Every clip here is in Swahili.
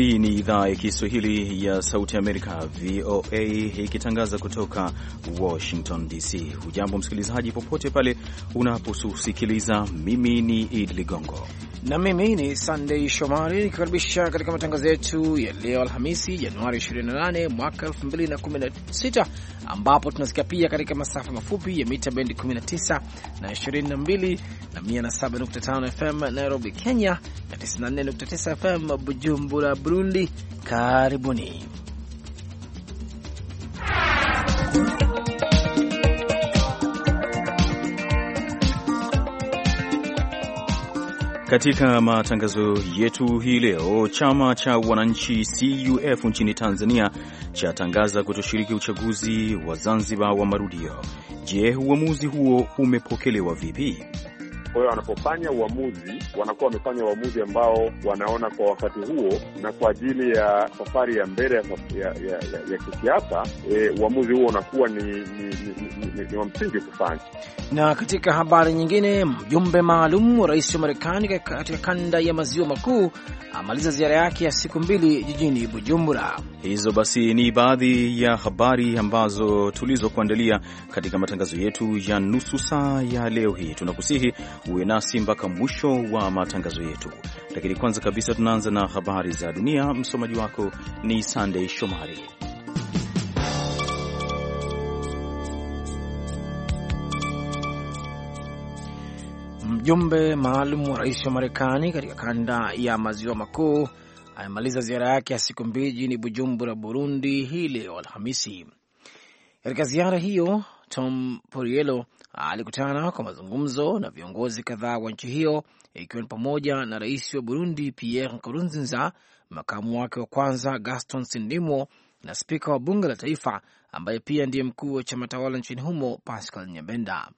Hii ni idhaa ya Kiswahili ya Sauti Amerika, VOA, ikitangaza kutoka Washington DC. Hujambo msikilizaji, popote pale unaposikiliza. Mimi ni Idi Ligongo na mimi ni Sandei Shomari nikikaribisha katika matangazo yetu ya leo Alhamisi, Januari 28 mwaka 2016, ambapo tunasikia pia katika masafa mafupi ya mita bendi 19 na 22 na 107.5 FM Nairobi, Kenya na 94.9 FM Bujumbura Burundi. Karibuni. Katika matangazo yetu hii leo, chama cha wananchi CUF nchini Tanzania chatangaza kutoshiriki uchaguzi wa Zanzibar wa marudio. Je, uamuzi huo umepokelewa vipi? Kwa hiyo wanapofanya uamuzi, wanakuwa wamefanya uamuzi ambao wanaona kwa wakati huo na kwa ajili ya safari ya mbele ya, ya, ya, ya, ya kisiasa. E, uamuzi huo unakuwa ni, ni, ni, ni, ni wa msingi kufanya. Na katika habari nyingine, mjumbe maalum wa rais wa Marekani katika kanda ya maziwa makuu amaliza ziara yake ya siku mbili jijini Bujumbura. Hizo basi ni baadhi ya habari ambazo tulizokuandalia katika matangazo yetu ya nusu saa ya leo hii. Tunakusihi uwe nasi mpaka mwisho wa matangazo yetu, lakini kwanza kabisa tunaanza na habari za dunia. Msomaji wako ni Sandey Shomari. Mjumbe maalum wa rais wa Marekani katika kanda ya maziwa makuu amemaliza ziara yake ya siku mbili jijini Bujumbura, Burundi hii leo Alhamisi. Katika ziara hiyo Tom Porielo Ah, alikutana kwa mazungumzo na viongozi kadhaa wa nchi hiyo ikiwa ni pamoja na rais wa Burundi Pierre Nkurunziza, makamu wake wa kwanza Gaston Sindimo na spika wa bunge la taifa ambaye pia ndiye mkuu wa chama tawala nchini humo Pascal Nyabenda.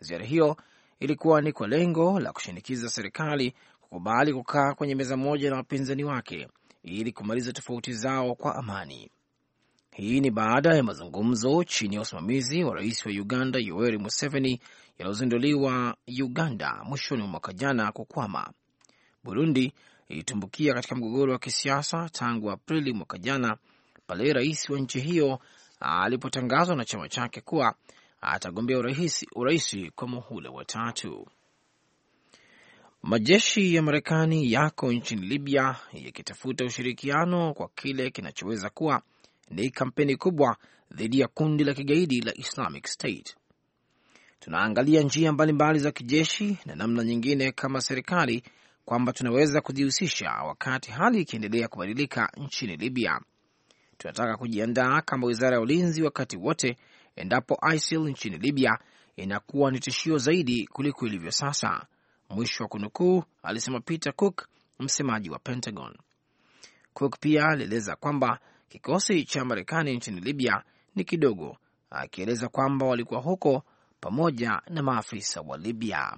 Ziara hiyo ilikuwa ni kwa lengo la kushinikiza serikali kukubali kukaa kwenye meza moja na wapinzani wake ili kumaliza tofauti zao kwa amani. Hii ni baada ya mazungumzo chini ya usimamizi wa rais wa Uganda Yoweri Museveni yaliyozinduliwa Uganda mwishoni mwa mwaka jana kukwama. Burundi ilitumbukia katika mgogoro wa kisiasa tangu Aprili mwaka jana pale rais wa nchi hiyo alipotangazwa na chama chake kuwa atagombea urais kwa muhula wa tatu. Majeshi ya Marekani yako nchini Libya yakitafuta ushirikiano kwa kile kinachoweza kuwa ni kampeni kubwa dhidi ya kundi la kigaidi la Islamic State. Tunaangalia njia mbalimbali za kijeshi na namna nyingine kama serikali kwamba tunaweza kujihusisha wakati hali ikiendelea kubadilika nchini Libya. Tunataka kujiandaa kama wizara ya ulinzi wakati wote endapo ISIL nchini Libya inakuwa ni tishio zaidi kuliko ilivyo sasa, mwisho wa kunukuu, alisema Peter Cook, msemaji wa Pentagon. Cook pia alieleza kwamba kikosi cha Marekani nchini Libya ni kidogo, akieleza kwamba walikuwa huko pamoja na maafisa wa Libya.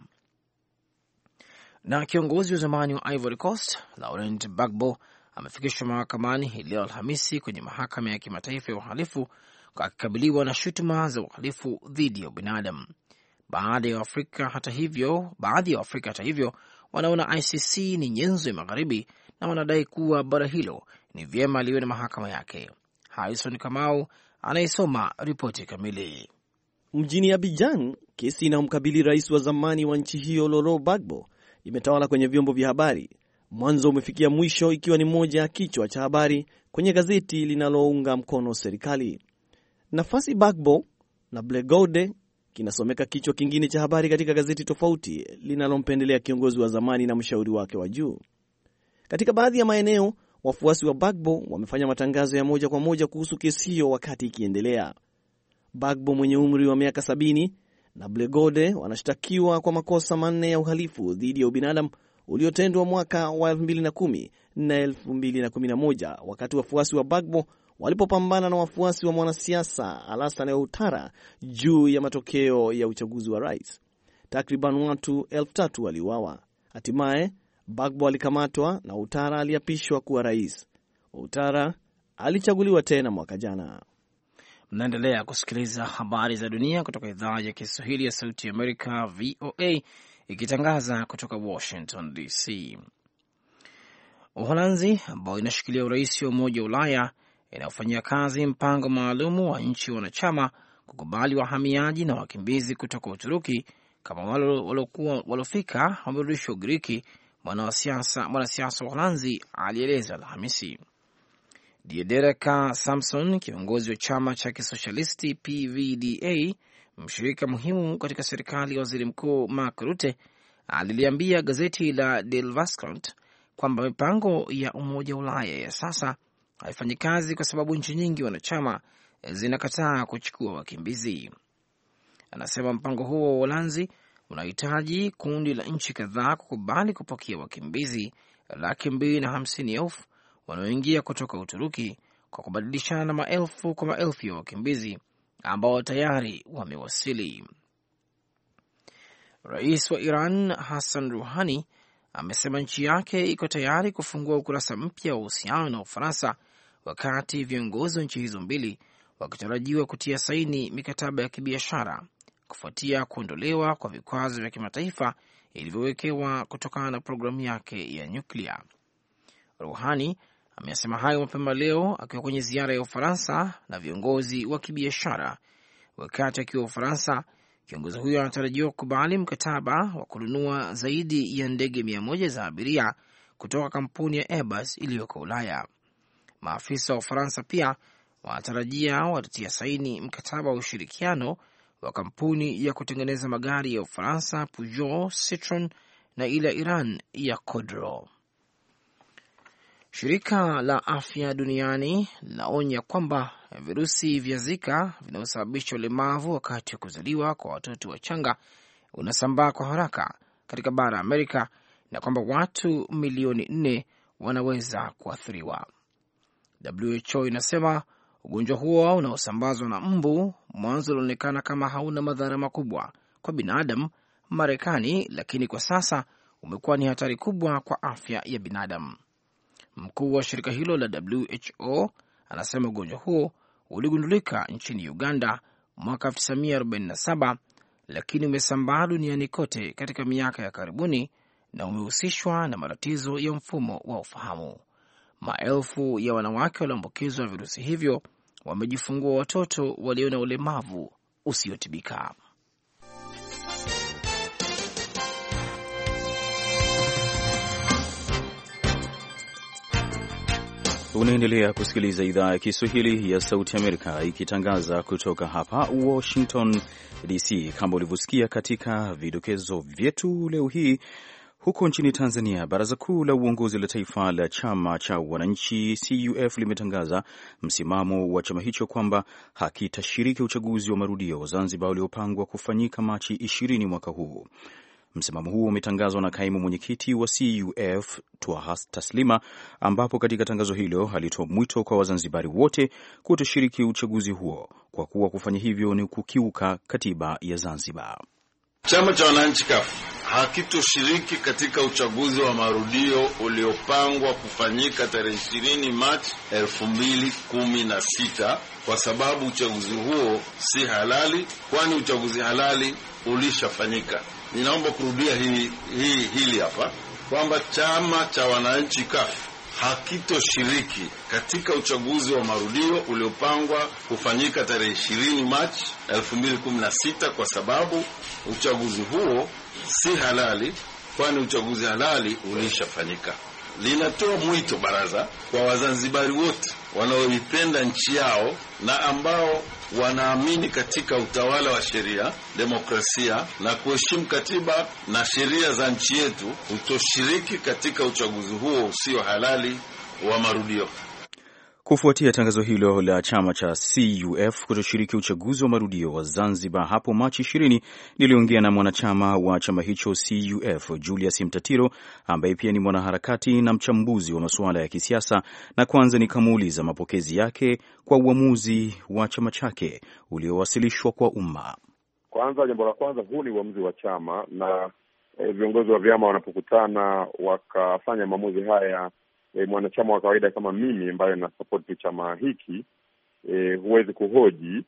Na kiongozi wa zamani wa Ivory Coast Laurent Gbagbo amefikishwa mahakamani hii leo Alhamisi kwenye mahakama ya kimataifa ya uhalifu akikabiliwa na shutuma za uhalifu dhidi ya ubinadamu. Baadhi ya Afrika hata hivyo, baadhi ya Waafrika hata hivyo wanaona ICC ni nyenzo ya Magharibi na wanadai kuwa bara hilo ni vyema liwe na mahakama yake. Harison Kamau anayesoma ripoti kamili. Mjini Abijan, kesi inayomkabili rais wa zamani wa nchi hiyo Loro Bagbo imetawala kwenye vyombo vya habari, mwanzo umefikia mwisho, ikiwa ni moja ya kichwa cha habari kwenye gazeti linalounga mkono serikali. Nafasi Bagbo na Blegode kinasomeka kichwa kingine cha habari katika gazeti tofauti linalompendelea kiongozi wa zamani na mshauri wake wa juu. Katika baadhi ya maeneo, Wafuasi wa Bagbo wamefanya matangazo ya moja kwa moja kuhusu kesi hiyo wakati ikiendelea. Bagbo mwenye umri wa miaka sabini na Blegode wanashtakiwa kwa makosa manne ya uhalifu dhidi ya ubinadamu uliotendwa mwaka wa 2010 na 2011 wakati wafuasi wa Bagbo walipopambana na wafuasi wa mwanasiasa Alassane Ouattara juu ya matokeo ya uchaguzi wa rais. Takriban watu elfu tatu waliuawa. Hatimaye Bagbo alikamatwa na utara aliapishwa kuwa rais. utara alichaguliwa tena mwaka jana. Mnaendelea kusikiliza habari za dunia kutoka idhaa ya Kiswahili ya Sauti ya Amerika, VOA, ikitangaza kutoka Washington DC. Uholanzi ambayo inashikilia urais wa Umoja wa Ulaya inayofanyia kazi mpango maalumu wa nchi wanachama kukubali wahamiaji na wakimbizi kutoka Uturuki kama wale waliofika wamerudishwa Ugiriki mwanasiasa wa Uholanzi alieleza Alhamisi. Diederika Samson, kiongozi wa chama cha kisoshalisti PVDA, mshirika muhimu katika serikali ya waziri mkuu Mark Rutte, aliliambia gazeti la De kwamba mipango ya Umoja wa Ulaya ya sasa haifanyi kazi kwa sababu nchi nyingi wanachama zinakataa kuchukua wakimbizi. Anasema mpango huo wa Uholanzi unahitaji kundi la nchi kadhaa kukubali kupokea wakimbizi laki mbili na hamsini elfu wanaoingia kutoka Uturuki kwa kubadilishana na maelfu kwa maelfu ya wakimbizi ambao tayari wamewasili. Rais wa Iran Hassan Ruhani amesema nchi yake iko tayari kufungua ukurasa mpya wa uhusiano na Ufaransa wakati viongozi wa nchi hizo mbili wakitarajiwa kutia saini mikataba ya kibiashara kufuatia kuondolewa kwa vikwazo vya kimataifa ilivyowekewa kutokana na programu yake ya nyuklia. Rouhani amesema hayo mapema leo akiwa kwenye ziara ya Ufaransa na viongozi wa kibiashara. Wakati akiwa Ufaransa, kiongozi huyo anatarajiwa kukubali mkataba wa kununua zaidi ya ndege mia moja za abiria kutoka kampuni ya Airbus iliyoko Ulaya. Maafisa wa Ufaransa pia wanatarajia watatia saini mkataba wa ushirikiano wa kampuni ya kutengeneza magari ya Ufaransa Peugeot, Citroen na ile ya Iran ya Kodro. Shirika la Afya Duniani linaonya kwamba virusi vya Zika vinaosababisha ulemavu wakati wa kuzaliwa kwa watoto wachanga unasambaa kwa haraka katika bara Amerika na kwamba watu milioni nne wanaweza kuathiriwa. WHO inasema Ugonjwa huo unaosambazwa na mbu mwanzo ulionekana kama hauna madhara makubwa kwa binadamu Marekani, lakini kwa sasa umekuwa ni hatari kubwa kwa afya ya binadamu. Mkuu wa shirika hilo la WHO anasema ugonjwa huo uligundulika nchini Uganda mwaka 1947 lakini umesambaa duniani kote katika miaka ya karibuni na umehusishwa na matatizo ya mfumo wa ufahamu. Maelfu ya wanawake walioambukizwa virusi hivyo wamejifungua watoto walio na ulemavu usiotibika. Unaendelea kusikiliza idhaa ya Kiswahili ya Sauti Amerika ikitangaza kutoka hapa Washington DC. Kama ulivyosikia katika vidokezo vyetu, leo hii huko nchini Tanzania, baraza kuu la uongozi la taifa la chama cha wananchi CUF limetangaza msimamo wa chama hicho kwamba hakitashiriki uchaguzi wa marudio wa Zanzibar uliopangwa kufanyika Machi 20 mwaka huu. Msimamo huo umetangazwa na kaimu mwenyekiti wa CUF Twaha Taslima, ambapo katika tangazo hilo alitoa mwito kwa Wazanzibari wote kutoshiriki uchaguzi huo kwa kuwa kufanya hivyo ni kukiuka katiba ya Zanzibar. Chama cha wananchi kafu hakitoshiriki katika uchaguzi wa marudio uliopangwa kufanyika tarehe 20 Machi 2016 kwa sababu uchaguzi huo si halali, kwani uchaguzi halali ulishafanyika. Ninaomba kurudia hii, hii, hili hapa kwamba chama cha wananchi kafu hakitoshiriki katika uchaguzi wa marudio uliopangwa kufanyika tarehe 20 Machi 2016 kwa sababu uchaguzi huo si halali, kwani uchaguzi halali ulishafanyika. Linatoa mwito baraza kwa Wazanzibari wote wanaoipenda nchi yao na ambao wanaamini katika utawala wa sheria, demokrasia na kuheshimu katiba na sheria za nchi yetu, hutoshiriki katika uchaguzi huo usio halali wa marudio. Kufuatia tangazo hilo la chama cha CUF kutoshiriki uchaguzi wa marudio wa Zanzibar hapo Machi 20, niliongea na mwanachama wa chama hicho CUF Julius Mtatiro, ambaye pia ni mwanaharakati na mchambuzi wa masuala ya kisiasa, na kwanza nikamuuliza mapokezi yake kwa uamuzi wa chama chake uliowasilishwa kwa umma. Kwanza, jambo la kwanza, huu ni uamuzi wa chama na e, viongozi wa vyama wanapokutana wakafanya maamuzi haya e, mwanachama wa kawaida kama mimi ambayo nasapoti chama hiki e, huwezi kuhoji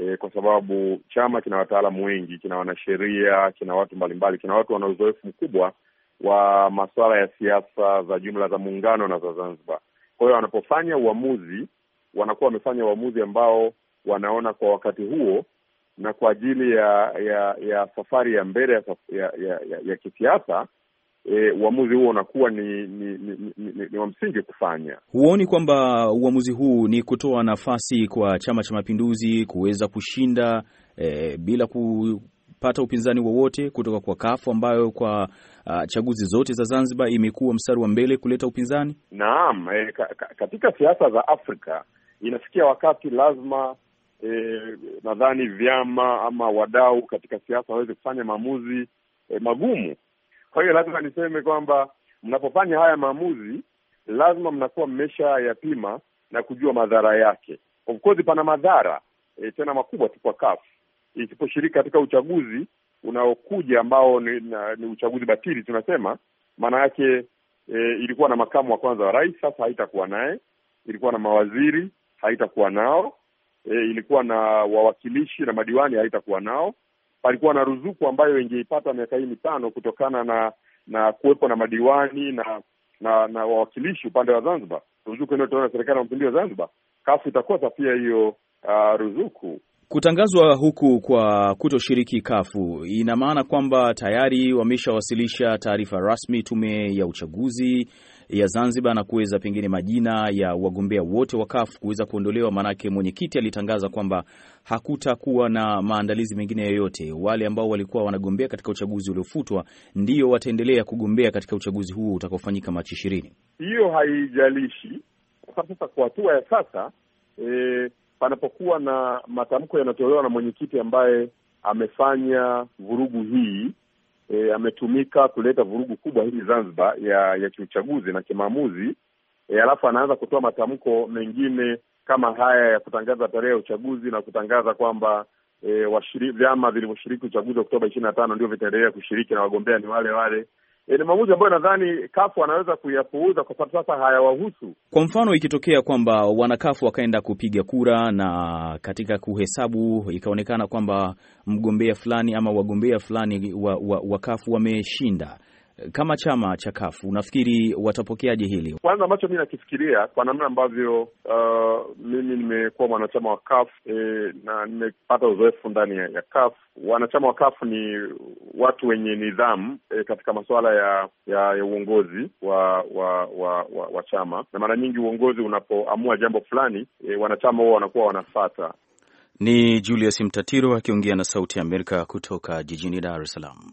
e, kwa sababu chama kina wataalamu wengi, kina wanasheria, kina watu mbalimbali, kina watu wana uzoefu mkubwa wa masuala ya siasa za jumla za muungano na za Zanzibar. Kwa hiyo wanapofanya uamuzi, wanakuwa wamefanya uamuzi ambao wanaona kwa wakati huo na kwa ajili ya ya ya safari ya mbele ya, ya, ya, ya, ya kisiasa e, uamuzi huo unakuwa ni ni, ni, ni, ni ni wa msingi kufanya. Huoni kwamba uamuzi huu ni kutoa nafasi kwa Chama cha Mapinduzi kuweza kushinda e, bila kupata upinzani wowote kutoka kwa kafu ambayo kwa a, chaguzi zote za Zanzibar imekuwa mstari wa mbele kuleta upinzani. Naam, e, ka, ka, katika siasa za Afrika inafikia wakati lazima e, nadhani vyama ama wadau katika siasa waweze kufanya maamuzi e, magumu kwa hiyo lazima niseme kwamba mnapofanya haya maamuzi, lazima mnakuwa mmesha pima na kujua madhara yake. Of course pana madhara e, tena makubwa tu kwa CAF isiposhiriki katika uchaguzi unaokuja ambao ni, na, ni uchaguzi batili tunasema. Maana yake e, ilikuwa na makamu wa kwanza wa rais, sasa haitakuwa naye. Ilikuwa na mawaziri, haitakuwa nao. E, ilikuwa na wawakilishi na madiwani, haitakuwa nao palikuwa na ruzuku ambayo ingeipata miaka hii mitano kutokana na na kuwepo na madiwani na na na wawakilishi upande wa Zanzibar, ruzuku inayotolewa na serikali ya mapinduzi ya Zanzibar. Kafu itakosa pia hiyo uh, ruzuku. Kutangazwa huku kwa kutoshiriki kafu ina maana kwamba tayari wameshawasilisha taarifa rasmi tume ya uchaguzi ya Zanzibar na kuweza pengine majina ya wagombea wote wa CUF kuweza kuondolewa, maanake mwenyekiti alitangaza kwamba hakutakuwa na maandalizi mengine yoyote. Wale ambao walikuwa wanagombea katika uchaguzi uliofutwa ndio wataendelea kugombea katika uchaguzi huo utakaofanyika Machi ishirini. Hiyo haijalishi kwa sasa, kwa hatua ya sasa e, panapokuwa na matamko yanatolewa na mwenyekiti ambaye amefanya vurugu hii e, ametumika kuleta vurugu kubwa hili Zanzibar ya ya kiuchaguzi na kimaamuzi e, alafu anaanza kutoa matamko mengine kama haya ya kutangaza tarehe ya uchaguzi na kutangaza kwamba e, washiri, vyama vilivyoshiriki uchaguzi Oktoba ishirini na tano ndio vitaendelea kushiriki na wagombea ni wale wale. E, ni maamuzi ambayo nadhani kafu anaweza kuyapuuza kwa sababu sasa hayawahusu. Kwa mfano, ikitokea kwamba wanakafu wakaenda kupiga kura na katika kuhesabu ikaonekana kwamba mgombea fulani ama wagombea fulani wa, wa, wa kafu wameshinda kama chama cha Kafu unafikiri watapokeaje hili? Kwanza ambacho mi nakifikiria kwa namna ambavyo uh, mimi nimekuwa mwanachama wa Kafu e, eh, na nimepata uzoefu ndani ya, ya Kafu. Wanachama wa Kafu ni watu wenye nidhamu e, katika masuala ya, ya, ya uongozi wa wa, wa wa wa chama, na mara nyingi uongozi unapoamua jambo fulani e, wanachama huwa wanakuwa wanafata. Ni Julius Mtatiro akiongea na Sauti ya Amerika kutoka jijini Dar es Salaam.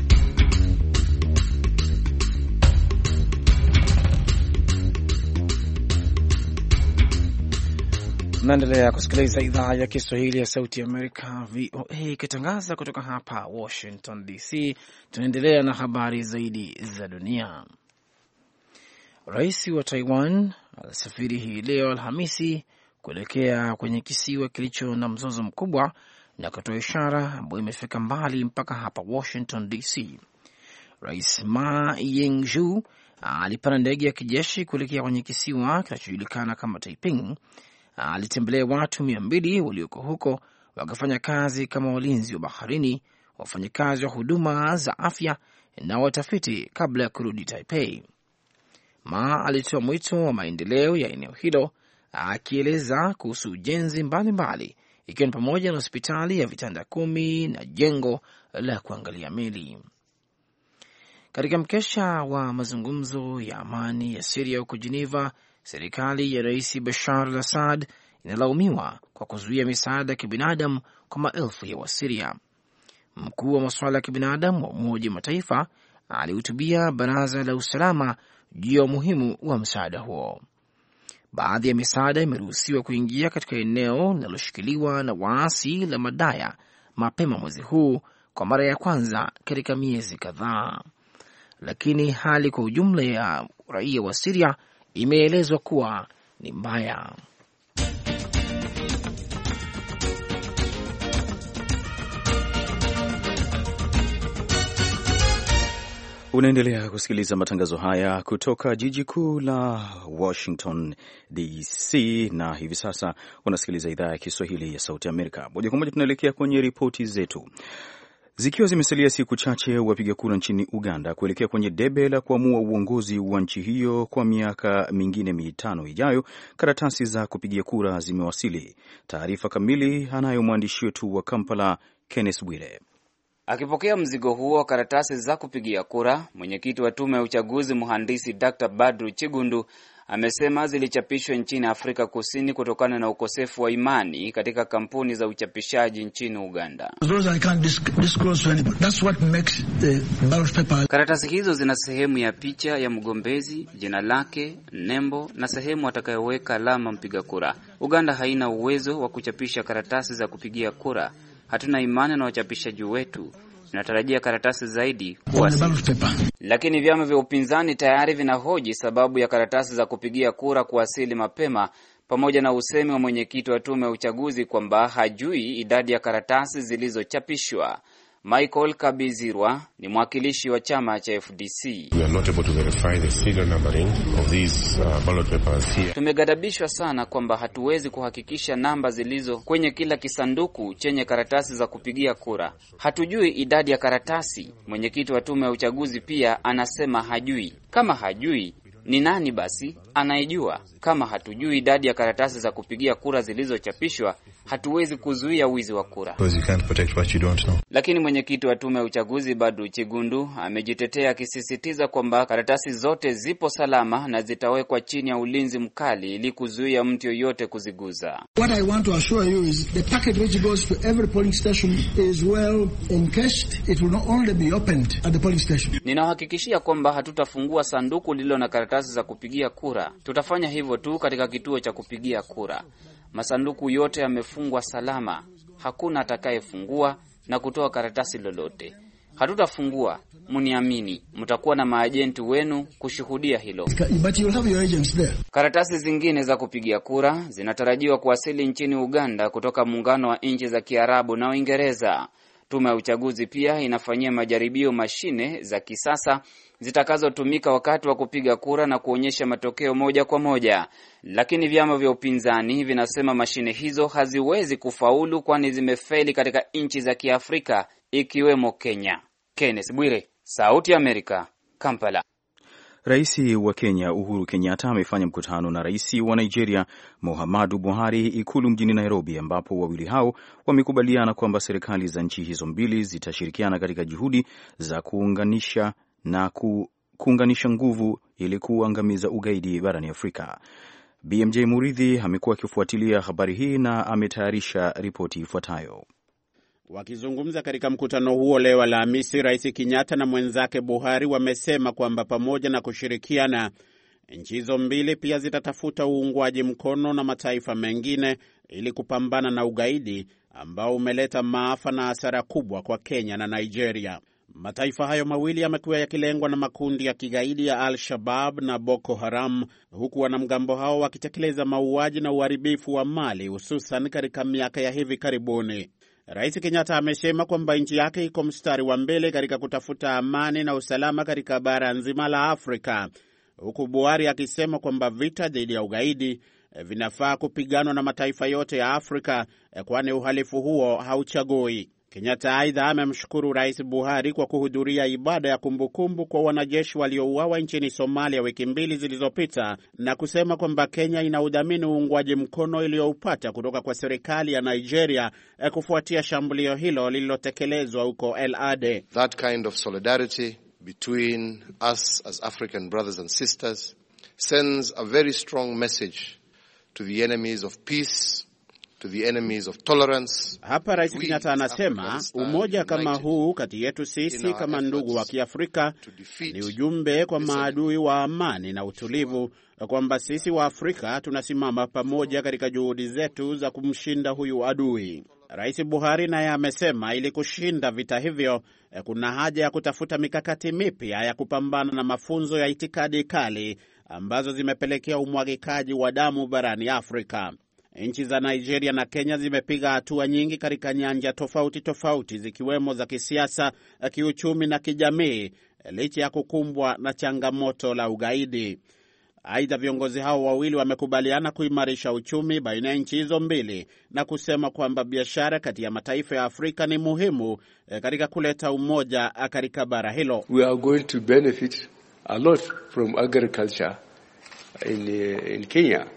Naendelea kusikiliza idhaa ya Kiswahili ya Sauti ya Amerika, VOA, ikitangaza kutoka hapa Washington DC. Tunaendelea na habari zaidi za dunia. Rais wa Taiwan alisafiri hii leo Alhamisi kuelekea kwenye kisiwa kilicho na mzozo mkubwa na kutoa ishara ambayo imefika mbali mpaka hapa Washington DC. Rais Ma Ying-jeou alipanda ndege ya kijeshi kuelekea kwenye kisiwa kinachojulikana kama Taiping alitembelea watu mia mbili walioko huko wakifanya kazi kama walinzi wa baharini, wafanyakazi wa huduma za afya na watafiti kabla ya kurudi Taipei. Ma alitoa mwito wa maendeleo ya eneo hilo akieleza kuhusu ujenzi mbalimbali ikiwa ni pamoja na hospitali ya vitanda kumi na jengo la kuangalia meli. Katika mkesha wa mazungumzo ya amani ya Siria huko jeneva Serikali ya Rais Bashar al Assad inalaumiwa kwa kuzuia misaada ya kibinadamu kwa maelfu ya Wasiria. Mkuu wa masuala ya kibinadamu wa Umoja wa Mataifa alihutubia Baraza la Usalama juu ya umuhimu wa msaada huo. Baadhi ya misaada imeruhusiwa kuingia katika eneo linaloshikiliwa na waasi la Madaya mapema mwezi huu kwa mara ya kwanza katika miezi kadhaa, lakini hali kwa ujumla ya raia wa Siria imeelezwa kuwa ni mbaya. Unaendelea kusikiliza matangazo haya kutoka jiji kuu la Washington DC, na hivi sasa unasikiliza idhaa ya Kiswahili ya Sauti Amerika. Moja kwa moja tunaelekea kwenye ripoti zetu. Zikiwa zimesalia siku chache wapiga kura nchini Uganda kuelekea kwenye debe la kuamua uongozi wa nchi hiyo kwa miaka mingine mitano ijayo, karatasi za kupigia kura zimewasili. Taarifa kamili anayo mwandishi wetu wa Kampala, Kenneth Bwire. Akipokea mzigo huo wa karatasi za kupigia kura, mwenyekiti wa tume ya uchaguzi mhandisi Dr Badru Chigundu amesema zilichapishwa nchini Afrika Kusini kutokana na ukosefu wa imani katika kampuni za uchapishaji nchini Uganda. Karatasi hizo zina sehemu ya picha ya mgombezi, jina lake, nembo na sehemu atakayoweka alama mpiga kura. Uganda haina uwezo wa kuchapisha karatasi za kupigia kura. Hatuna imani na wachapishaji wetu tunatarajia karatasi zaidi kuwasili. Lakini vyama vya upinzani tayari vinahoji sababu ya karatasi za kupigia kura kuwasili mapema, pamoja na usemi wa mwenyekiti wa tume ya uchaguzi kwamba hajui idadi ya karatasi zilizochapishwa. Michael Kabizirwa ni mwakilishi wa chama cha FDC. Uh, sana kwamba hatuwezi kuhakikisha namba zilizo kwenye kila kisanduku chenye karatasi za kupigia kura. Hatujui idadi ya karatasi. Mwenyekiti wa tume ya uchaguzi pia anasema hajui. Kama hajui ni nani basi anayejua? Kama hatujui idadi ya karatasi za kupigia kura zilizochapishwa hatuwezi kuzuia wizi wa kura. Lakini mwenyekiti wa tume ya uchaguzi Badu Chigundu amejitetea akisisitiza kwamba karatasi zote zipo salama na zitawekwa chini ya ulinzi mkali ili kuzuia mtu yoyote kuziguza. Ninahakikishia kwamba hatutafungua sanduku lililo na karatasi za kupigia kura. Tutafanya hivyo tu katika kituo cha kupigia kura. Masanduku yote yame itafungwa salama, hakuna atakayefungua na kutoa karatasi lolote. Hatutafungua, mniamini, mtakuwa na maajenti wenu kushuhudia hilo. Karatasi zingine za kupigia kura zinatarajiwa kuwasili nchini Uganda kutoka muungano wa nchi za Kiarabu na Uingereza. Tume ya uchaguzi pia inafanyia majaribio mashine za kisasa zitakazotumika wakati wa kupiga kura na kuonyesha matokeo moja kwa moja, lakini vyama vya upinzani vinasema mashine hizo haziwezi kufaulu kwani zimefeli katika nchi za Kiafrika ikiwemo Kenya. Kenneth Bwire, Sauti ya Amerika, Kampala. Rais wa Kenya Uhuru Kenyatta amefanya mkutano na rais wa Nigeria Muhammadu Buhari ikulu mjini Nairobi, ambapo wawili hao wamekubaliana kwamba serikali za nchi hizo mbili zitashirikiana katika juhudi za kuunganisha na ku, kuunganisha nguvu ili kuangamiza ugaidi barani Afrika. BMJ Muridhi amekuwa akifuatilia habari hii na ametayarisha ripoti ifuatayo. Wakizungumza katika mkutano huo leo Alhamisi, Rais Kenyatta na mwenzake Buhari wamesema kwamba pamoja na kushirikiana, nchi hizo mbili pia zitatafuta uungwaji mkono na mataifa mengine ili kupambana na ugaidi ambao umeleta maafa na hasara kubwa kwa Kenya na Nigeria. Mataifa hayo mawili yamekuwa yakilengwa na makundi ya kigaidi ya Al-Shabab na Boko Haram, huku wanamgambo hao wakitekeleza mauaji na uharibifu wa mali, hususan katika miaka ya hivi karibuni. Rais Kenyatta amesema kwamba nchi yake iko mstari wa mbele katika kutafuta amani na usalama katika bara nzima la Afrika, huku Buhari akisema kwamba vita dhidi ya ugaidi eh, vinafaa kupiganwa na mataifa yote ya Afrika, eh, kwani uhalifu huo hauchagui. Kenyatta aidha amemshukuru Rais Buhari kwa kuhudhuria ibada ya kumbukumbu kwa wanajeshi waliouawa nchini Somalia wiki mbili zilizopita na kusema kwamba Kenya inaudhamini uungwaji mkono iliyoupata kutoka kwa serikali ya Nigeria eh, kufuatia shambulio hilo lililotekelezwa huko El Ade. That kind of solidarity between us as African brothers and sisters sends a very strong message to the enemies of peace To the enemies of tolerance. Hapa Rais Kenyatta anasema umoja kama huu kati yetu sisi kama ndugu wa Kiafrika ni ujumbe kwa maadui wa amani na utulivu kwamba sisi wa Afrika tunasimama pamoja katika juhudi zetu za kumshinda huyu adui. Rais Buhari naye amesema ili kushinda vita hivyo eh, kuna haja ya kutafuta mikakati mipya ya kupambana na mafunzo ya itikadi kali ambazo zimepelekea umwagikaji wa damu barani Afrika. Nchi za Nigeria na Kenya zimepiga hatua nyingi katika nyanja tofauti tofauti, zikiwemo za kisiasa, kiuchumi na kijamii, licha ya kukumbwa na changamoto la ugaidi. Aidha, viongozi hao wawili wamekubaliana kuimarisha uchumi baina ya nchi hizo mbili na kusema kwamba biashara kati ya mataifa ya Afrika ni muhimu eh, katika kuleta umoja eh, katika bara hilo. We are going to benefit a lot from agriculture in, eh, in Kenya.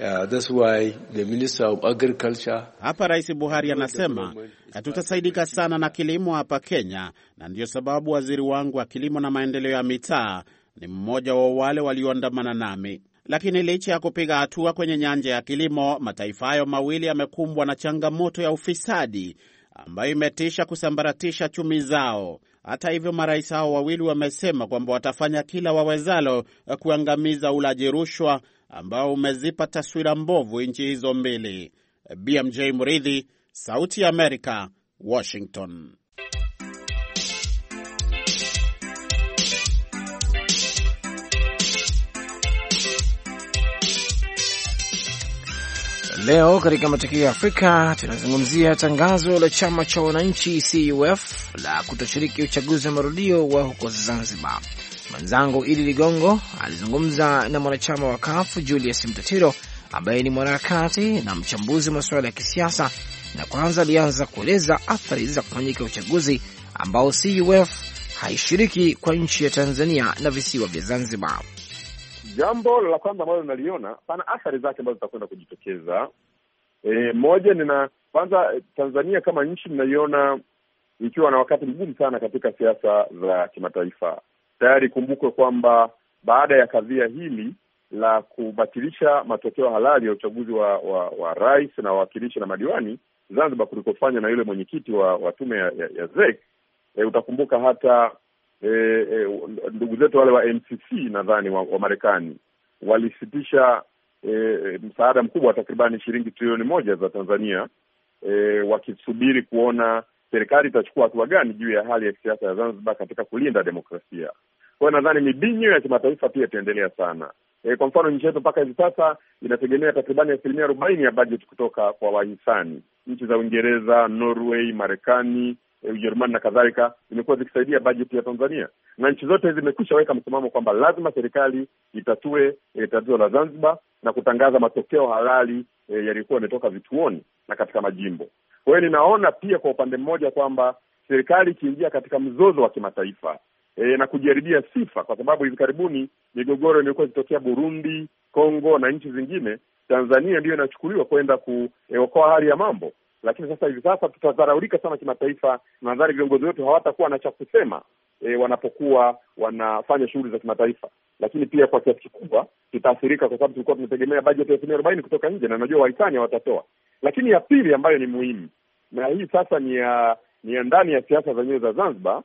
Uh, why the Minister of Agriculture... Hapa Rais Buhari anasema tutasaidika sana na kilimo hapa Kenya, na ndiyo sababu waziri wangu wa kilimo na maendeleo ya mitaa ni mmoja wa wale walioandamana nami. Lakini licha ya kupiga hatua kwenye nyanja ya kilimo, mataifa hayo mawili yamekumbwa na changamoto ya ufisadi ambayo imetisha kusambaratisha chumi zao. Hata hivyo, marais hao wawili wamesema kwamba watafanya kila wawezalo kuangamiza ulaji rushwa ambao umezipa taswira mbovu nchi hizo mbili. BMJ Muridhi, Sauti ya Amerika, Washington. Leo katika matukio ya Afrika tunazungumzia tangazo la chama cha wananchi CUF la kutoshiriki uchaguzi wa marudio wa huko Zanzibar. Mwenzangu Idi Ligongo alizungumza na mwanachama wa kafu Julius Mtatiro ambaye ni mwanaharakati na mchambuzi wa masuala ya kisiasa, na kwanza alianza kueleza athari za kufanyika uchaguzi ambao CUF haishiriki kwa nchi ya Tanzania na visiwa vya Zanzibar. Jambo la kwanza ambalo linaliona pana athari zake ambazo zitakwenda kujitokeza. E, moja nina kwanza, Tanzania kama nchi ninaiona ikiwa na wakati mgumu sana katika siasa za kimataifa. Tayari ikumbukwe kwamba baada ya kadhia hili la kubatilisha matokeo halali ya uchaguzi wa, wa, wa rais na wawakilishi na madiwani Zanzibar kulikofanywa na yule mwenyekiti wa, wa tume ya, ya, ya zek e, utakumbuka hata e, e, ndugu zetu wale wa MCC nadhani wa, wa Marekani walisitisha e, msaada mkubwa wa takribani shilingi trilioni moja za Tanzania e, wakisubiri kuona serikali itachukua hatua gani juu ya hali ya kisiasa ya Zanzibar katika kulinda demokrasia. Kwa hiyo nadhani mibinyo ya kimataifa pia itaendelea sana. E, kwa mfano nchi yetu mpaka hivi sasa inategemea takribani asilimia arobaini ya bajeti kutoka kwa wahisani. Nchi za Uingereza, Norway, Marekani, e, Ujerumani na kadhalika zimekuwa zikisaidia bajeti ya Tanzania, na nchi zote zimekwisha weka msimamo kwamba lazima serikali itatue e, tatizo la Zanzibar na kutangaza matokeo halali e, yaliyokuwa yametoka vituoni na katika majimbo. Kwa hiyo ninaona pia kwa upande mmoja kwamba serikali ikiingia katika mzozo wa kimataifa e, na kujaribia sifa, kwa sababu hivi karibuni migogoro imekuwa ikitokea Burundi, Kongo na nchi zingine, Tanzania ndiyo inachukuliwa kwenda kuokoa eh, hali ya mambo. Lakini sasa hivi sasa tutadharaulika sana kimataifa. Nadhani viongozi wetu hawatakuwa na cha kusema e, wanapokuwa wanafanya shughuli za kimataifa lakini pia kwa kiasi kikubwa tutaathirika, kwa sababu tulikuwa tunategemea bajeti ya asilimia arobaini kutoka nje, na najua Waitania watatoa. Lakini ya pili ambayo ni muhimu, na hii sasa ni ya ni ya ndani ya siasa zenyewe za Zanzibar,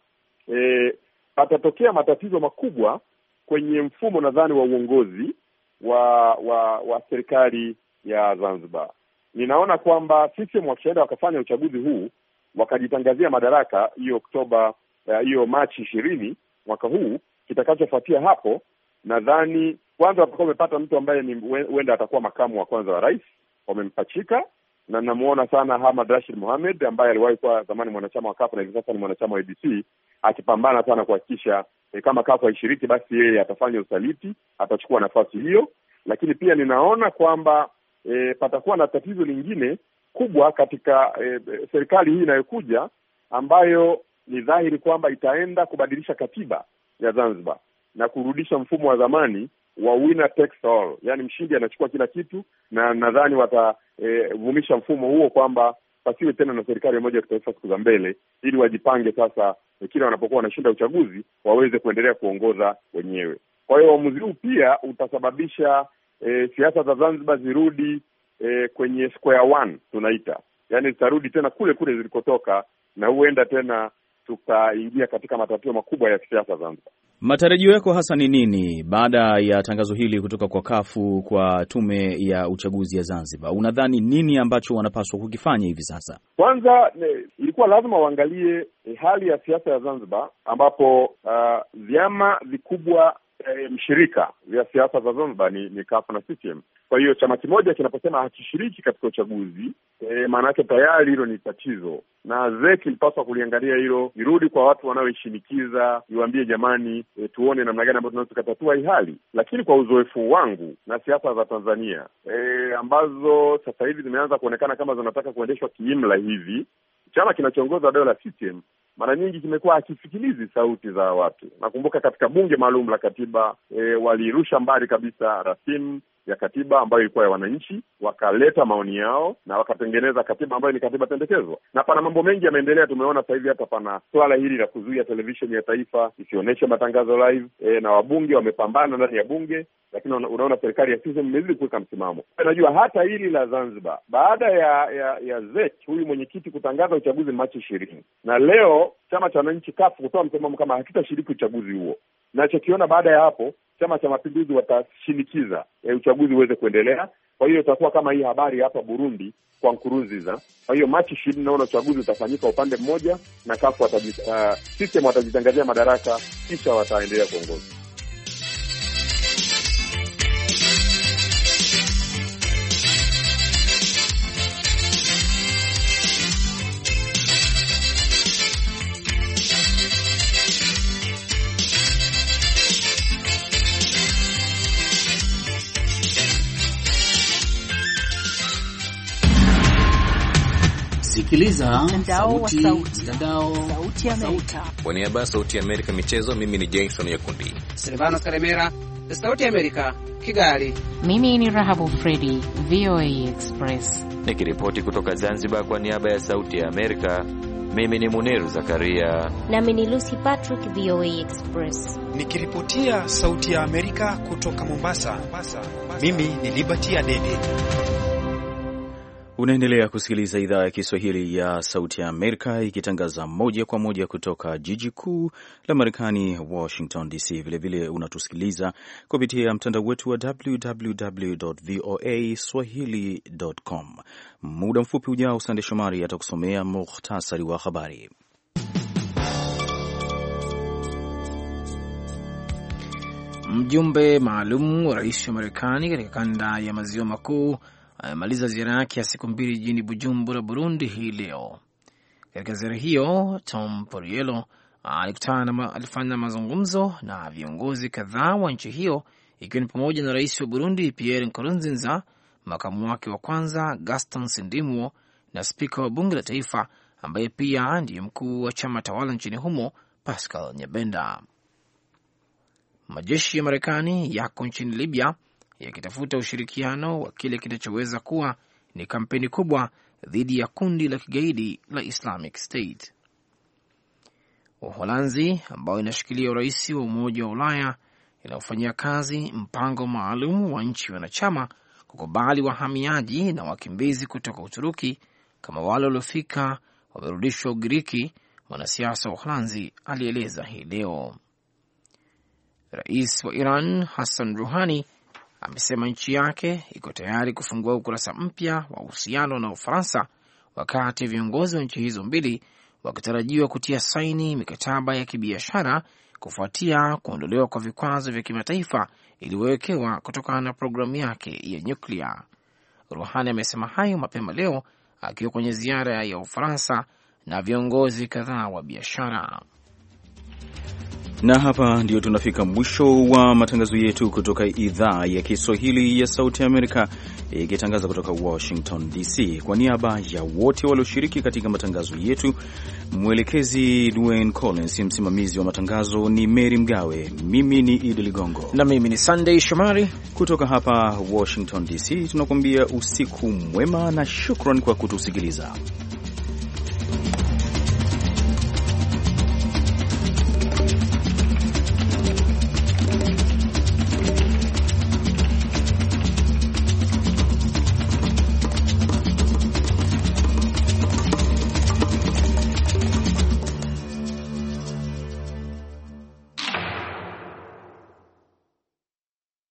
e, patatokea matatizo makubwa kwenye mfumo nadhani wa uongozi wa wa wa serikali ya Zanzibar. Ninaona kwamba CCM wakishaenda wakafanya uchaguzi huu wakajitangazia madaraka hiyo Oktoba eh, hiyo uh, Machi ishirini mwaka huu, kitakachofuatia hapo nadhani kwanza watakuwa wamepata mtu ambaye ni huenda atakuwa makamu wa kwanza wa rais, wamempachika na namuona sana Hamad Rashid Mohamed ambaye aliwahi kuwa zamani mwanachama wa Kafu na hivi sasa ni mwanachama wa ABC akipambana sana kuhakikisha e, kama Kafu haishiriki basi yeye atafanya usaliti, atachukua nafasi hiyo. Lakini pia ninaona kwamba e, patakuwa na tatizo lingine kubwa katika e, serikali hii inayokuja ambayo ni dhahiri kwamba itaenda kubadilisha katiba ya Zanzibar na kurudisha mfumo wa zamani wa winner takes all, yani mshindi anachukua kila kitu, na nadhani watavumisha e, mfumo huo kwamba pasiwe tena na serikali ya umoja wa kitaifa siku za mbele, ili wajipange sasa e, kila wanapokuwa wanashinda uchaguzi waweze kuendelea kuongoza wenyewe. Kwa hiyo uamuzi huu pia utasababisha e, siasa za Zanzibar zirudi e, kwenye square one tunaita, yani zitarudi tena kule kule zilikotoka, na huenda tena tukaingia katika matatizo makubwa ya kisiasa Zanzibar. Matarajio yako hasa ni nini baada ya tangazo hili kutoka kwa kafu kwa tume ya uchaguzi ya Zanzibar? Unadhani nini ambacho wanapaswa kukifanya hivi sasa? Kwanza ilikuwa lazima waangalie eh, hali ya siasa ya Zanzibar ambapo uh, vyama vikubwa eh, mshirika vya siasa za Zanzibar ni, ni Kafu na CCM. Kwa hiyo chama kimoja kinaposema hakishiriki katika uchaguzi e, maana yake tayari hilo ni tatizo, na ZEC ilipaswa kuliangalia hilo, irudi kwa watu wanaoishinikiza, iwaambie jamani, e, tuone namna gani ambayo tunaweza tukatatua hii hali. Lakini kwa uzoefu wangu na siasa za Tanzania e, ambazo sasa hivi zimeanza kuonekana kama zinataka kuendeshwa kiimla hivi chama kinachoongoza dola system mara nyingi kimekuwa hakisikilizi sauti za watu. Nakumbuka katika bunge maalum la katiba e, walirusha mbali kabisa rasimu ya katiba ambayo ilikuwa ya wananchi, wakaleta maoni yao na wakatengeneza katiba ambayo ni katiba pendekezwa, na pana mambo mengi yameendelea. Tumeona sasa hivi hata pana swala hili la kuzuia televisheni ya taifa isionyeshe matangazo live e, na wabunge wamepambana ndani ya bunge, lakini unaona serikali ya CCM imezidi kuweka msimamo. E, najua hata hili la Zanzibar baada ya ya, ya ZEC huyu mwenyekiti kutangaza uchaguzi Machi ishirini na leo chama cha wananchi kafu kutoa msimamo kama hakitashiriki uchaguzi huo. Nachokiona baada ya hapo, Chama cha Mapinduzi watashinikiza e, uchaguzi uweze kuendelea. Kwa hiyo itakuwa kama hii habari hapa Burundi kwa Nkurunziza. Kwa hiyo Machi ishirini naona uchaguzi utafanyika upande mmoja, na kafu watajit, uh, system watajitangazia madaraka, kisha wataendelea kuongoza. unasikiliza mtandao sauti, ya Amerika. Kwa niaba ya sauti ya Amerika michezo, mimi ni Jason Yakundi. Silvano Karemera, sauti ya Amerika, Kigali. Mimi ni Rahabu Fredi, VOA Express. Nikiripoti kutoka Zanzibar kwa niaba ya sauti ya Amerika. Mimi ni Muniru Zakaria. Nami ni Lucy Patrick, VOA Express. Nikiripotia sauti ya Amerika kutoka Mombasa, Mombasa, Mombasa. Mimi ni Liberty Adede. Unaendelea kusikiliza idhaa ya Kiswahili ya Sauti ya Amerika ikitangaza moja kwa moja kutoka jiji kuu la Marekani, Washington DC. Vilevile unatusikiliza kupitia mtandao wetu wa www voa swahili.com. Muda mfupi ujao, Sande Shomari atakusomea muhtasari wa habari. Mjumbe maalum wa rais wa Marekani katika kanda ya maziwa makuu amemaliza ziara yake ya siku mbili jijini Bujumbura, Burundi hii leo. Katika ziara hiyo, Tom Porielo alikutana, alifanya mazungumzo na viongozi kadhaa wa nchi hiyo, ikiwa ni pamoja na rais wa Burundi Pierre Nkurunziza, makamu wake wa kwanza Gaston Sindimwo na spika wa bunge la taifa ambaye pia ndiye mkuu wa chama tawala nchini humo Pascal Nyabenda. Majeshi ya Marekani yako nchini Libya yakitafuta ushirikiano wa kile kinachoweza kuwa ni kampeni kubwa dhidi ya kundi la kigaidi la Islamic State. Uholanzi ambayo inashikilia urais wa Umoja wa Ulaya inayofanyia kazi mpango maalum wa nchi wanachama kukubali wahamiaji na wakimbizi kutoka Uturuki kama wale waliofika wamerudishwa Ugiriki. Mwanasiasa wa Uholanzi alieleza hii leo. Rais wa Iran Hassan Ruhani amesema nchi yake iko tayari kufungua ukurasa mpya wa uhusiano na Ufaransa, wakati viongozi wa nchi hizo mbili wakitarajiwa kutia saini mikataba ya kibiashara kufuatia kuondolewa kwa vikwazo vya kimataifa iliyowekewa kutokana na programu yake ya nyuklia. Ruhani amesema hayo mapema leo akiwa kwenye ziara ya Ufaransa na viongozi kadhaa wa biashara. Na hapa ndio tunafika mwisho wa matangazo yetu kutoka idhaa ya Kiswahili ya Sauti Amerika ikitangaza kutoka Washington DC. Kwa niaba ya wote walioshiriki katika matangazo yetu, mwelekezi Dwayne Collins, msimamizi wa matangazo ni Mary Mgawe, mimi ni Idi Ligongo na mimi ni Sunday Shomari kutoka hapa Washington DC, tunakuambia usiku mwema na shukran kwa kutusikiliza.